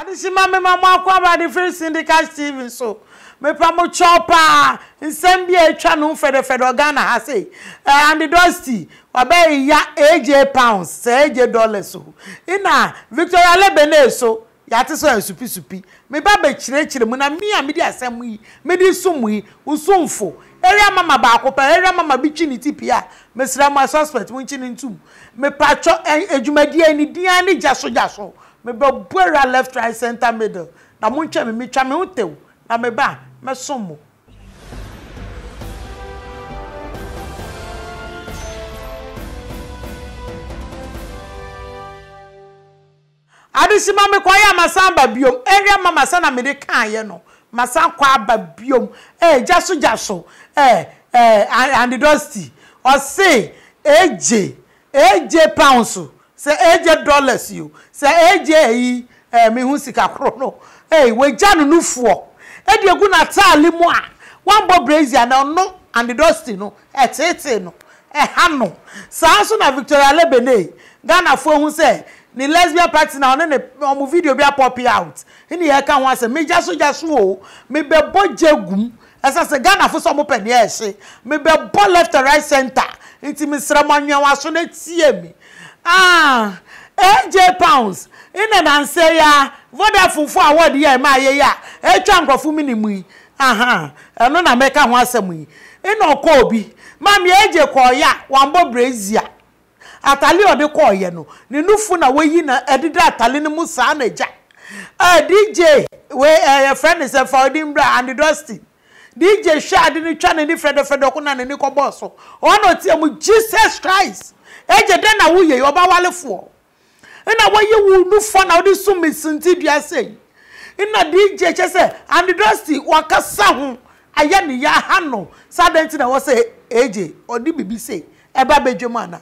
adesima mema mo akɔ aba de firi syndicat tv so mepa mo kyɛw paa nsɛm bi a atwa no fɛdɛfɛdɛ ghana ha sei ande dusty wabɛyɛ aj pounds sɛ aj dollars so ina victoria lebene so yàtí sọ ẹsùpìsùpì mi bá bẹ kyerẹkyerẹ mu na mi à mi di asẹm yi mi di sum yi nsumfo area mama baako pẹ area mama bi kyi ne ti pia mesra mu a suspect mu nkyi ne ntum mipatwọ edwumadie ni diẹ ni gya so gya so. Me mebɛ buera left right center middle na montwa me metwa me ho tew na meba mɛsom mo adesima me kɔyɛ amasan ba biom ɛhwɛ e ma masa na mede kaayɛ no masan kwa aba biom jaso e, jaso. so gya e, so ɛɛ ɛɛ andidɔsti ɔse AJ ɛɛgye pounds sɛ ɛɛgye dollars yio sɛ agya yi ɛɛ mehu sika koro no ɛɛ wagya no nufoɔ ɛde egu n'ataale mu a wabɔ brazil na ɔno and dusty no ɛteetee no ehanu no saa nso na victoria lebene ghanafoɔ ho se ni lesbian party na one ne ɔmo video bi apɔpi out ɛne yɛ ka ho asɛ megya so gya so o mebɛbɔ gya gum ɛsɛ sɛ ghanafoɔ sɛ e pɛ ne left and right center nti mesrɛ mo anwea na tie mi AJ pounds ina na nse ya Vodafone for award ya ma ye ya etwa nkofo minimu yi aha eno na meka ho asem yi ina e okọ obi mam ye AJ ko ya wambo brazia atali ode ko ye no ne nufu na weyi na edida atali ne musa na ja eh DJ we eh friend is for Dimbra and Dusty DJ shade ni twa ne ni fredo fredo ko na ne ni ko boss ono ti am Jesus Christ AJ e den na wo ye oba walefo na wɔyɛ wo nufoɔ na wɔde so mesinti dua sɛ na dj kyɛ sɛ andidrɔsi wakasa ho ayɛ ne yɛ aha no saa dɛn ti na wɔ sɛ eje ɔde bibi sɛ ɛba e bedwam na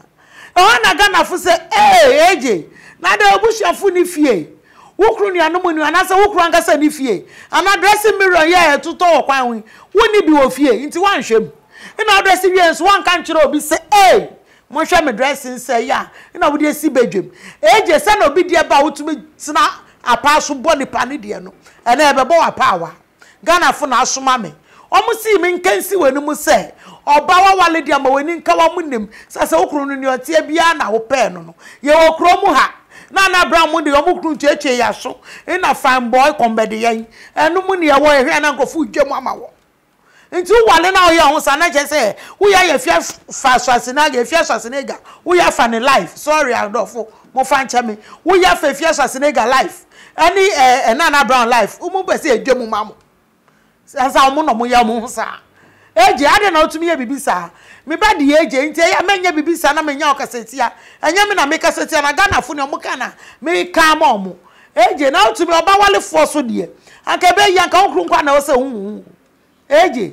ɛhɔ e na ghanafo sɛ ee eje e, na de obusuafo ne fie wokuru nuanom nu anaasɛ wokuru ankasa ne fie ana dressing mirror yɛ ɛtotɔ wɔ kwan ho wo ne bi wɔ fie nti wanhwɛ mu na ɔdrɛsi wie nso wanka nkyerɛ obi sɛ ee. monhwɛ me dressing sɛ yɛ a na wode asi badwam ɛgye sɛ na obi deɛ ba a wotumi tena apa so bɔ nipa ne deɛ no ɛnɛ ɛbɛbɔ wapaawa ghanafo na asoma me ɔmo sii me nkansi wɔ anim sɛ ɔba wawale deɛ ma w'ani nka wɔ mo nim sɛ sɛ wokuro no neɛ ɔteɛ biara na wopɛɛ no no yɛwɔ kuro mu ha na na abira mu deɛ ɔmo kuro ntuatua yɛ so na fan bɔɔ kɔmbɛde yɛn ɛnum neɛ wɔ ɛhwɛ na nkɔfo dwam ama wɔ nti wale na oyɛ ho sa na kyɛ sɛ ya yɛ fia fa swase na fia swase na ga fa ne life sorry adɔfo mo fa nkyɛ me ya fa fia swase na life ɛne ɛɛ ɛnana brown life umu bɛ sɛ edwa mu ma mo sasa wɔn na wɔyɛ wɔn ho ade na otumi yɛ bibi saa me ba de nti bibi na mɛnyɛ ɔkasetia ɛnyɛ me na mekasetia na ghana fo na ɔmo ka na meka ama na otumi wale so anka nkwa na ɔsɛ huhu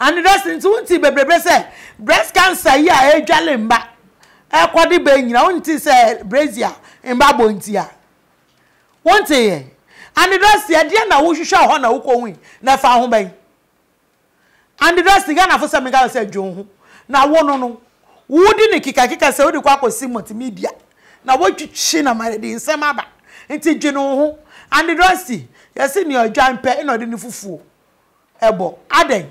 and resi nti wonti bebrebe sɛ breast cancer yi a eh, ɛdwale mba ɛkɔde eh, bɛ nyina ntị sị brazil mba bụ ntị a wonti yɛ and resi ɛdeɛ na wohwehwɛ hɔ na wokɔ wi na fa ho bɛn and resi ghana fo sɛ meka sɛ dwo ho na wo no no wodi ne kikakika sɛ wode kɔ akɔsi multimedia na wotwitwi na made nsɛm aba nti dwene wo ho and resi yɛse ne na ɔde ne fufuo ɛbɔ adɛn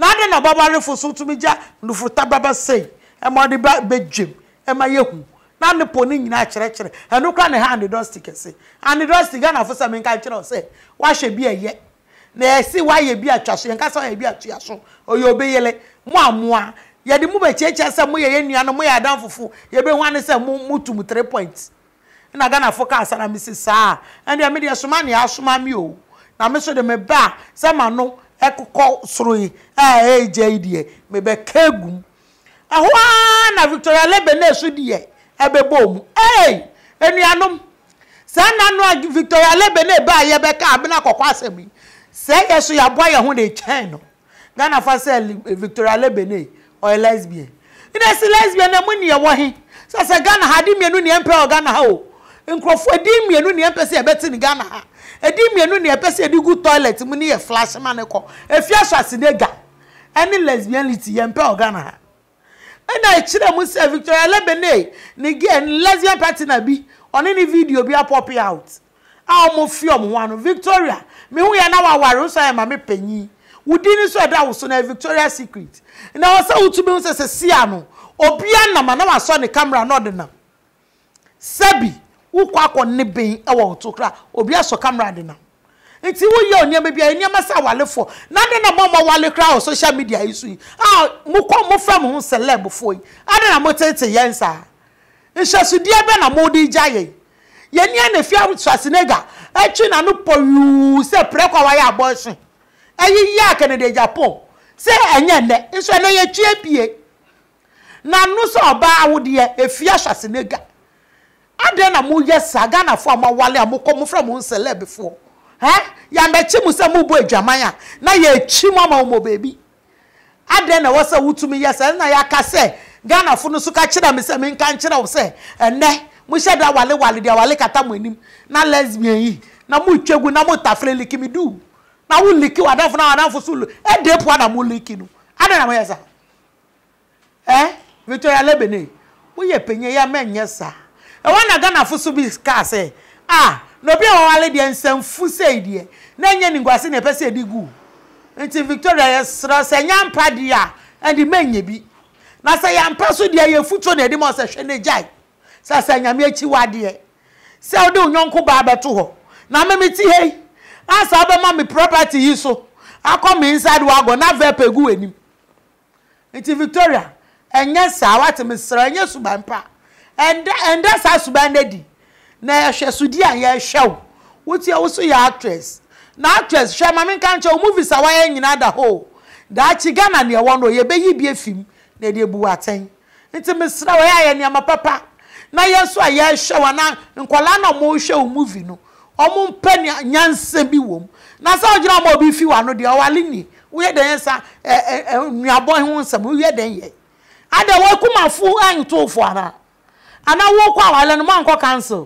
n'adị na ọgbagba so ntumi gya nufuta baba sei ɛma ɔde ba bedwem ɛma e yehu n'ani po ne nyinaa kyerɛkyerɛ ɛnu kura ne ha anidɔsti kɛse anidɔsti ghana afɔ sami nka kyerɛ ɔsɛ wahyɛ bi ɛyɛ na ɛsi e wayɛ bi atwa so yɛn e sa wayɛ bi atwa so ɔyɛ obeyɛlɛ mu amoa yɛde mu bɛ kyekyɛ sɛ mu yɛ yɛ nua no mu yɛ adan fufu yɛbɛ hu ani sɛ mu mu tum three points na ghana afɔ kaa asana mi si saa ɛnu yɛ mi deɛ soma ne asoma mi o na mi so de mi ba sɛ ma no. soro soroe ah, a ɛregya yi deɛ mebɛka egu Aho ahoa na victoria lebene so deɛ ɛbɛbɔ mu ɛy enuanom saa nanu a victoria lebene ba a yɛbɛka abena kɔkɔ asɛm yi sɛ yɛ ya yɛaboa yɛn ho na etwɛn no ghana fa sɛ victoria lebene ɔyɛ lesbian ɛna si lesbian na mu nea ɛwɔ he sɛ sɛ ghana ha adi mmienu nea mpɛ wɔ ghana ha o nkurɔfoɔ adi mmienu nea mpɛ sɛ yɛbɛte ne ghana ha. ɛdi mmienu na ɛpɛ sɛ ɛdi gu toilet mu ne yɛ flash ma ne kɔ efi aso asinega ɛne lesbianity yɛn pɛ ɔga ha ɛna ekyirɛ mu sɛ victoria lebene ne gay ne lesbian partner bi ɔne ne video bi apɔpi out a wɔn fi wɔn ho ano victoria mihu yɛ na wawari nso ayɛ maame panyin wudi ni nso ɛda woso na victoria secret na wɔsɛ wotumi ho sɛ si ano obi nam a na wasɔ ne camera na ɔde nam sɛbi. wokɔ akɔ ne ben wɔ ɔto kora obi asɔ kamera de nam nti woyɛ nneɛma bi a nneɛma sɛ awalefoɔ na de na mɔmɔ wale kora wɔ social media yi so yi a mokɔ mofra mo ho celebfoɔ yi ade na motete yɛn saa nhyɛsodeɛ bɛ na mode gya yɛn yɛn nia na fi swasinega atwi na no pɔyuu sɛ prɛkɔ wayɛ abɔɔhye ɛyi yɛ akɛnɛdɛ japan sɛ ɛnyɛ nnɛ nso ɛnɛ yɛtwi ebie na no sɛ ɔbaa awodeɛ efi ahwasinega. adịn na mụ yesa sa gaa na fọ amawali amụkọ mụ fra mụ nseleb fọ ya mechi mụ sị mụ bụ ejama ya na ya echi mụ ama ụmụ bebi adịn na wọsa wutumi ya sa na ya kasị gaa na funu suka kyerɛ mi sɛ mi nka nkyerɛ wo sɛ ɛnɛ mo hyɛ da wale wale deɛ wale kata mụ enim na lesbian yi na mụ twɛ gu na mụ tafere liki mi du na wo liki wadanfo na wadanfo so lo ɛde po na mụ liki no ada na mụ yɛ sa ɛ victoria lebene woyɛ panyin ya mɛ nyɛ saa. ɛwɔ na ghanafo so bi kaa sɛ ah na obi a wɔwale deɛ nsɛmfu sei deɛ na nyɛ ne nkwase na ɛpɛ sɛ ɛdi gu nti victoria yɛsrɛ sɛ nyɛ mpa deɛ a ɛde mɛnyɛ bi na sɛ yɛmpa so deɛ yɛfutuo na ɛde ma ɔsɛ hwɛ ne gyae sɛ sɛ nyame akyi wadeɛ sɛ wode wo nyɔnko baa bɛto hɔ na meme ti hei asa wobɛma me property yi so akɔ me inside wagon na vɛpɛ gu w'anim nti victoria ɛnyɛ saa mi mesrɛ ɛnyɛ suban pa ɛndɛ ɛndɛ saa suban na yɛhwɛ sudi a yɛhwɛ wo wotia wo so yɛ actress na actress hwɛ maame nka nkyɛn o movies a wɔayɛ nyinaa da hɔ daakye ghana neɛ wɔ no yɛbɛyi fim na yɛde ebu atɛn nti mesra wɔyɛ ayɛ papa na yɛn nso a yɛhwɛ wɔn na na movie no mpe bi na obi fi ni anawo kwa wala no mankọ council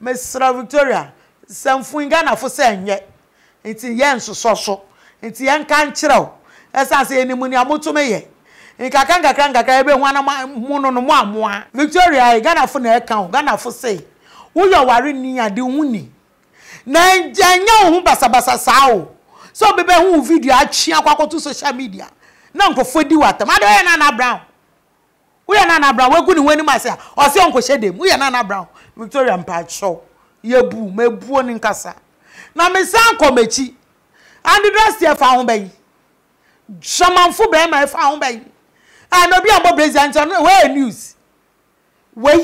mesra victoria samfun Ghana fo se enye nti ye nsoso so nti ye nka nkyerɛ o ɛsɛ asɛ yɛnim ni amoto me yɛ nkakra nkakra nkakra ebe hu anama mu no no mu amoa victoria Gana fo na eka o Ghana fo se woyɛ ware ni ade hu na nyɛ wo ho basabasa saa o sɛ obɛbɛ hu video atwi akɔ akɔto social media na nkɔfo di watam ade ɔyɛ nana brown woyɛ nana brown wogu ne w'anim ase a ɔse ɔnkɔhyɛ dɛm woyɛ nana brown victoria mpakyɛw yɛbu mabuo ne nkasa na mesan kɔ m'akyi andedrɛseɛ fa ho bɛyi sɔmanfo bɛrima ɛfa ho bɛyi a ah, na obi a bɔ brezia nkyɛn no wɔyɛ news wei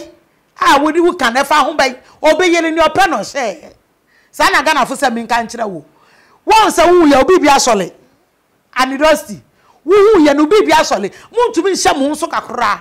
a ah, wodi wo kan ɛfa ho bɛyi obɛyɛ ne nea ɔpɛ na ɔhyɛ saa na ghanafo sɛ menka nkyerɛ wo wɔn sɛ woyɛ obi bi asɔle andedrɛsi wohu yɛ no obi bi asɔle muntumi nhyɛ mo nso kakraa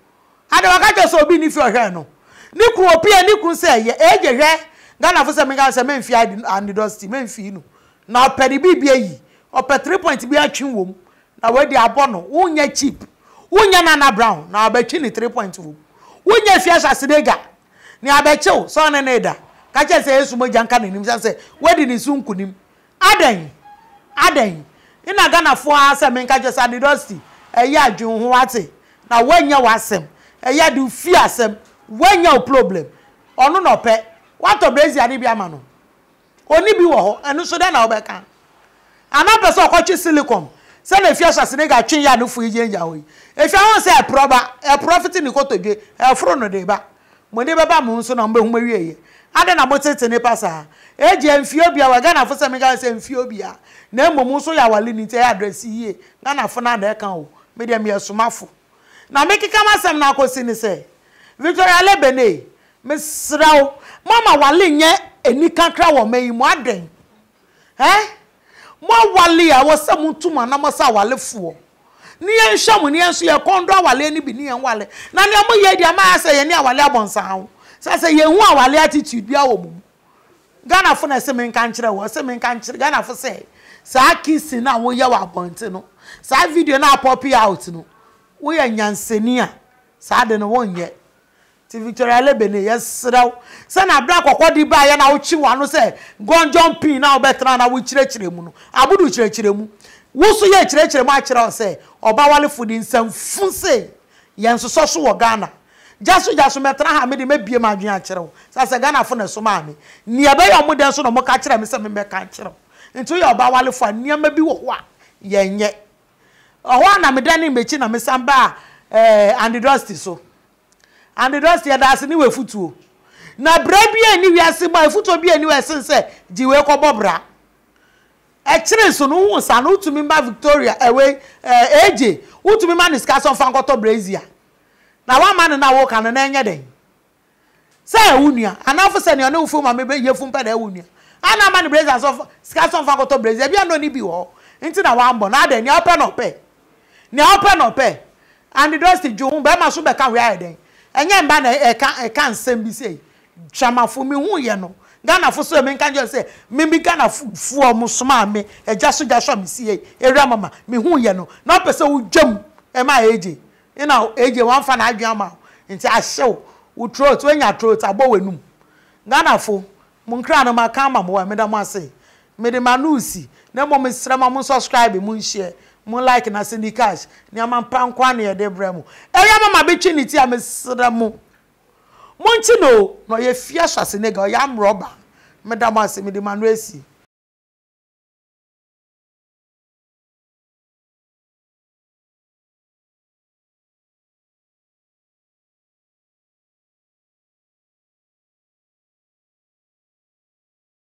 ada waka kyɛ obi ne fi ɔhwɛ no ne kun opie ne kun sɛ e, yɛ egye hwɛ ghana fo sɛ menka sɛ memfi andidosity memfi no na ɔpɛ ne biribi ayi e ɔpɛ three point bi atwe wɔ mu na wadi abɔ no cheap wonyɛ nana brown na abɛtwi ne three point wɔ mu wonyɛ fia sasidega ne abɛkyew sɛ ɔne ne da ka kyɛ sɛ yesu mogya nka n'anim sɛ sɛ wadi ne so nkunim adɛn adɛn ina ghanafoɔ a sɛ menka kyɛ sɛ andidosity ɛyɛ e adwen ho ate na wɔnyɛ w'asɛm ɛyɛ de fi asɛm wɔanya o problem ɔno na ɔpɛ watɔ brezi ade bi ama no oni bi wɔ hɔ ɛno nso dɛ na ɔbɛka anapɛ sɛ ɔkɔtwe silicon sɛna efi ahyɛ sene ga ya yɛ anofo yi ya hɔ yi efi ahɔn sɛ ɛporɔ e ba ɛporɔ e fiti ne kotodwe ɛforo e no de ba mo ne bɛba mo nso na mo bɛ hum awie yɛ ade na mo tete ne saa eji efio bia wɔ ghana fo sɛ mi ka sɛ efio bia na emom nso yɛ awali ne ti ɛyɛ adresi yie ghana fo na adaka o mi deɛ mi yɛ somafo. na mekeka masɛm na akɔsi ni se victoria lebene me wo mama wale nye eni kakra wɔ ma yi mu adɛn eh? moawale a wɔ sɛ motum ana mɔ sɛ awalefoɔ ne yɛnhwɛ mo ni yɛn so yɛkɔn do awale no bi ne yɛn wale na nea moyɛ deɛ mayɛ sɛ yɛne awale abɔnsan ho sɛ sɛ yɛhu awale attitude bi awɔ mu ghanafo na ɛsɛ menka nkyerɛ wɔ ɛsɛ menka nkyerɛ ghanafo sɛ saa kisi no a woyɛ wɔ abɔnte no saa video na apɔpi out no woyɛ nyansani a saa de no wɔnyɛ lebeni victoria lebene yɛserew sɛna abere akɔkɔ de baayɛ na wokyi wano sɛ gɔnjɔn pii na wobɛtena na wokyerɛkyerɛ mu no abodu kyerɛkyerɛ mu wo so yɛ kyerɛkyerɛ mu akyerɛ wo sɛ ɔba walefo de nsɛmfu se yɛn sosɔ so wɔ ghana gyaso gyaso mɛtena ha mede mɛbie m adwene akyerɛ wo sa sɛ ghanafo ne so maa me nea ɛbɛyɛ ɔmo dɛn so na ɔmo ka kyerɛ me sɛ memɛka kyerɛ wo nti woyɛ ɔba walefo a nneɛma bi wɔ hɔ a yɛnyɛ ọhụ na m dani na mesa mba a eh, dusty so andy dusty ya daasị na iwe futuo na bere bi eni wi ase gba efutuo bi eni wee sị nsị ji wee kọbọ bra ekyiri so sa na utumi mba victoria ewe eje eh, e utumi mba nisikasọ mfa nkọtọ na wa ma na awụ ka na na-enye anafo ana ama nti na ni ɔpɛ na ɔpɛ and dɔsi dwo ho bɛrima so bɛka ho ayɛ dɛn enye mba na ɛka ɛka nsem bi sɛ fu mi hu yɛ no ghana so mi nka njɛ sɛ mi bi ghana foɔ mo mi ɛgya so mi si yɛ mama mi hu na ɔpɛ sɛ wodwam ɛma ɛgye ɛna ɛgye wɔn na adwi ama nti ahyɛw throat throat ghana ma ma mo ma na mo mo like na cindy cash nneɛma mpa nkwa na yɛde brɛ mu ɛyɛ ama ma bi twi ne ti a mesrɛ mu mo nkyi no na ɔyɛ fie ahyɛ ase ne ga ɔyɛ amrɔba meda mo ase mede ma no esi